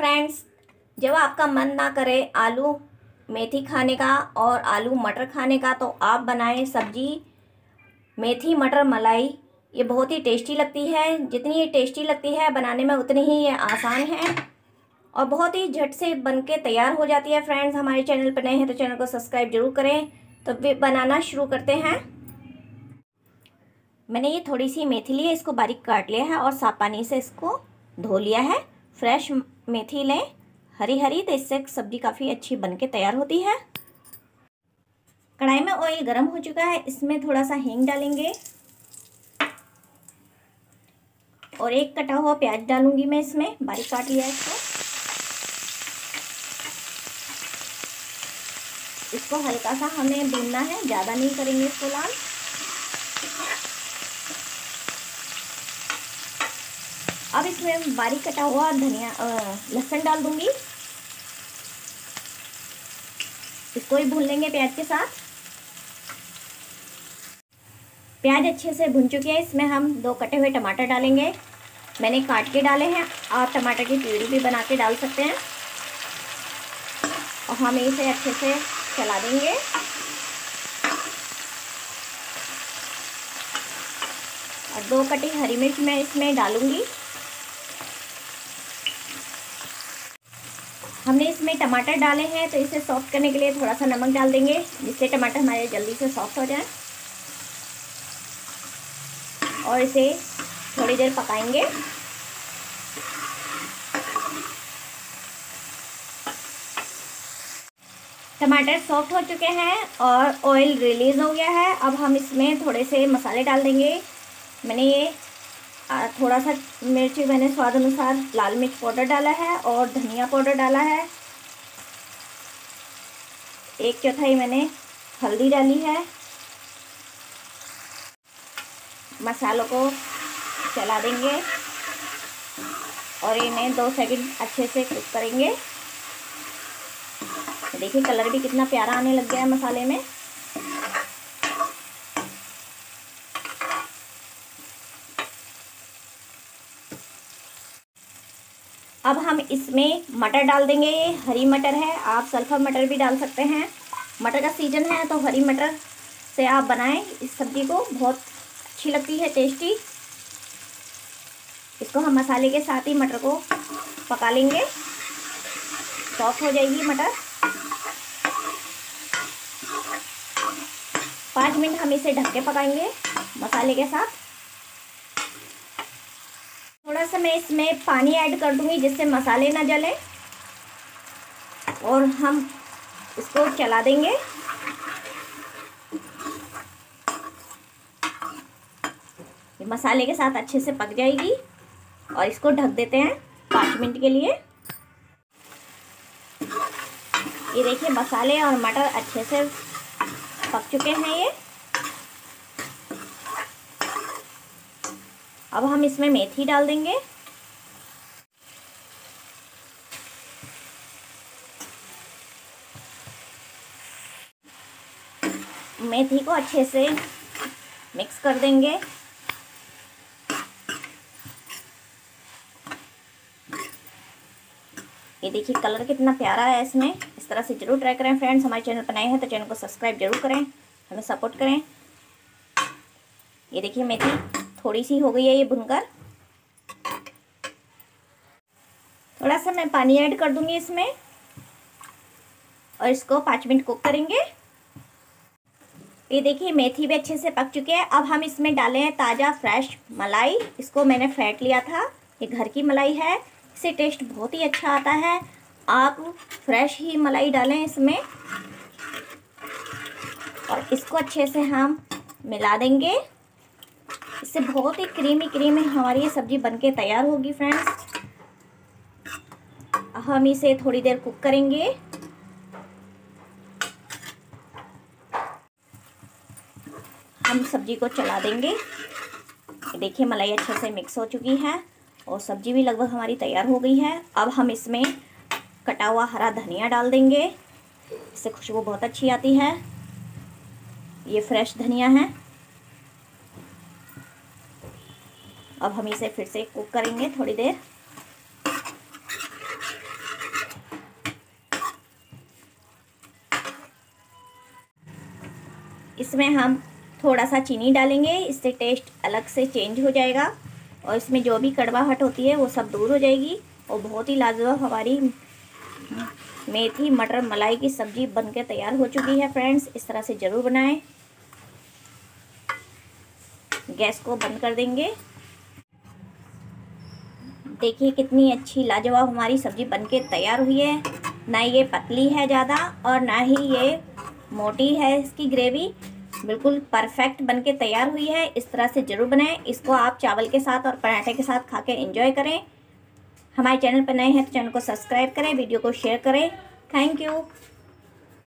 friends जब आपका मन ना करे आलू मेथी खाने का और आलू मटर खाने का तो आप बनाएं सब्जी मेथी मटर मलाई ये बहुत ही टेस्टी लगती है जितनी ये टेस्टी लगती है बनाने में उतनी ही ये आसान है और बहुत ही झट से बन के तैयार हो जाती है फ्रेंड्स हमारे चैनल पर नए हैं तो चैनल को सब्सक्राइब जरूर करें तो बनाना शुरू करते हैं मैंने ये थोड़ी सी मेथी ली है इसको बारीक काट लिया है और साफ पानी से इसको धो लिया है फ्रेश मेथी लें हरी हरी तो इससे सब्ज़ी काफ़ी अच्छी बन के तैयार होती है कढ़ाई में ऑयल गर्म हो चुका है इसमें थोड़ा सा हींग डालेंगे और एक कटा हुआ प्याज डालूंगी मैं इसमें बारीक काट लिया इसको इसको हल्का सा हमें भूनना है ज़्यादा नहीं करेंगे इसको लाल अब इसमें बारीक कटा हुआ धनिया लहसन डाल दूंगी इसको भी भून लेंगे प्याज के साथ प्याज अच्छे से भुन चुकी है इसमें हम दो कटे हुए टमाटर डालेंगे मैंने काट के डाले हैं आप टमाटर की प्यूरी भी बना के डाल सकते हैं और हम इसे अच्छे से चला देंगे और दो कटी हरी मिर्च मैं इसमें डालूंगी हमने इसमें टमाटर डाले हैं तो इसे सॉफ्ट करने के लिए थोड़ा सा नमक डाल देंगे जिससे टमाटर हमारे जल्दी से सॉफ्ट हो जाए और इसे थोड़ी देर पकाएंगे टमाटर सॉफ्ट हो चुके हैं और ऑयल रिलीज़ हो गया है अब हम इसमें थोड़े से मसाले डाल देंगे मैंने ये थोड़ा सा मिर्ची मैंने स्वाद अनुसार लाल मिर्च पाउडर डाला है और धनिया पाउडर डाला है एक चौथाई मैंने हल्दी डाली है मसालों को चला देंगे और इन्हें दो सेकंड अच्छे से कुक करेंगे देखिए कलर भी कितना प्यारा आने लग गया है मसाले में अब हम इसमें मटर डाल देंगे ये हरी मटर है आप सल्फर मटर भी डाल सकते हैं मटर का सीजन है तो हरी मटर से आप बनाएं इस सब्ज़ी को बहुत अच्छी लगती है टेस्टी इसको हम मसाले के साथ ही मटर को पका लेंगे सॉफ्ट हो जाएगी मटर पाँच मिनट हम इसे ढक के पकाएंगे मसाले के साथ थोड़ा सा मैं इसमें पानी ऐड कर दूंगी जिससे मसाले ना जले और हम इसको चला देंगे ये मसाले के साथ अच्छे से पक जाएगी और इसको ढक देते हैं पाँच मिनट के लिए ये देखिए मसाले और मटर अच्छे से पक चुके हैं ये अब हम इसमें मेथी डाल देंगे मेथी को अच्छे से मिक्स कर देंगे ये देखिए कलर कितना प्यारा है इसमें इस तरह से जरूर ट्राई करें फ्रेंड्स हमारे चैनल पर नए हैं तो चैनल को सब्सक्राइब जरूर करें हमें सपोर्ट करें ये देखिए मेथी थोड़ी सी हो गई है ये भुनकर थोड़ा सा मैं पानी ऐड कर दूंगी इसमें और इसको पाँच मिनट कुक करेंगे ये देखिए मेथी भी अच्छे से पक चुके हैं अब हम इसमें डाले हैं ताज़ा फ्रेश मलाई इसको मैंने फैट लिया था ये घर की मलाई है इससे टेस्ट बहुत ही अच्छा आता है आप फ्रेश ही मलाई डालें इसमें और इसको अच्छे से हम मिला देंगे इससे बहुत ही क्रीमी क्रीमी हमारी ये सब्ज़ी बनके तैयार होगी फ्रेंड्स हम इसे थोड़ी देर कुक करेंगे हम सब्ज़ी को चला देंगे देखिए मलाई अच्छे से मिक्स हो चुकी है और सब्ज़ी भी लगभग हमारी तैयार हो गई है अब हम इसमें कटा हुआ हरा धनिया डाल देंगे इससे खुशबू बहुत अच्छी आती है ये फ्रेश धनिया है अब हम इसे फिर से कुक करेंगे थोड़ी देर इसमें हम थोड़ा सा चीनी डालेंगे इससे टेस्ट अलग से चेंज हो जाएगा और इसमें जो भी कड़वाहट होती है वो सब दूर हो जाएगी और बहुत ही लाजवाब हमारी मेथी मटर मलाई की सब्ज़ी के तैयार हो चुकी है फ्रेंड्स इस तरह से ज़रूर बनाएं गैस को बंद कर देंगे देखिए कितनी अच्छी लाजवाब हमारी सब्ज़ी बनके तैयार हुई है ना ये पतली है ज़्यादा और ना ही ये मोटी है इसकी ग्रेवी बिल्कुल परफेक्ट बनके तैयार हुई है इस तरह से ज़रूर बनाएं इसको आप चावल के साथ और पराठे के साथ खा के इन्जॉय करें हमारे चैनल पर नए हैं तो चैनल को सब्सक्राइब करें वीडियो को शेयर करें थैंक यू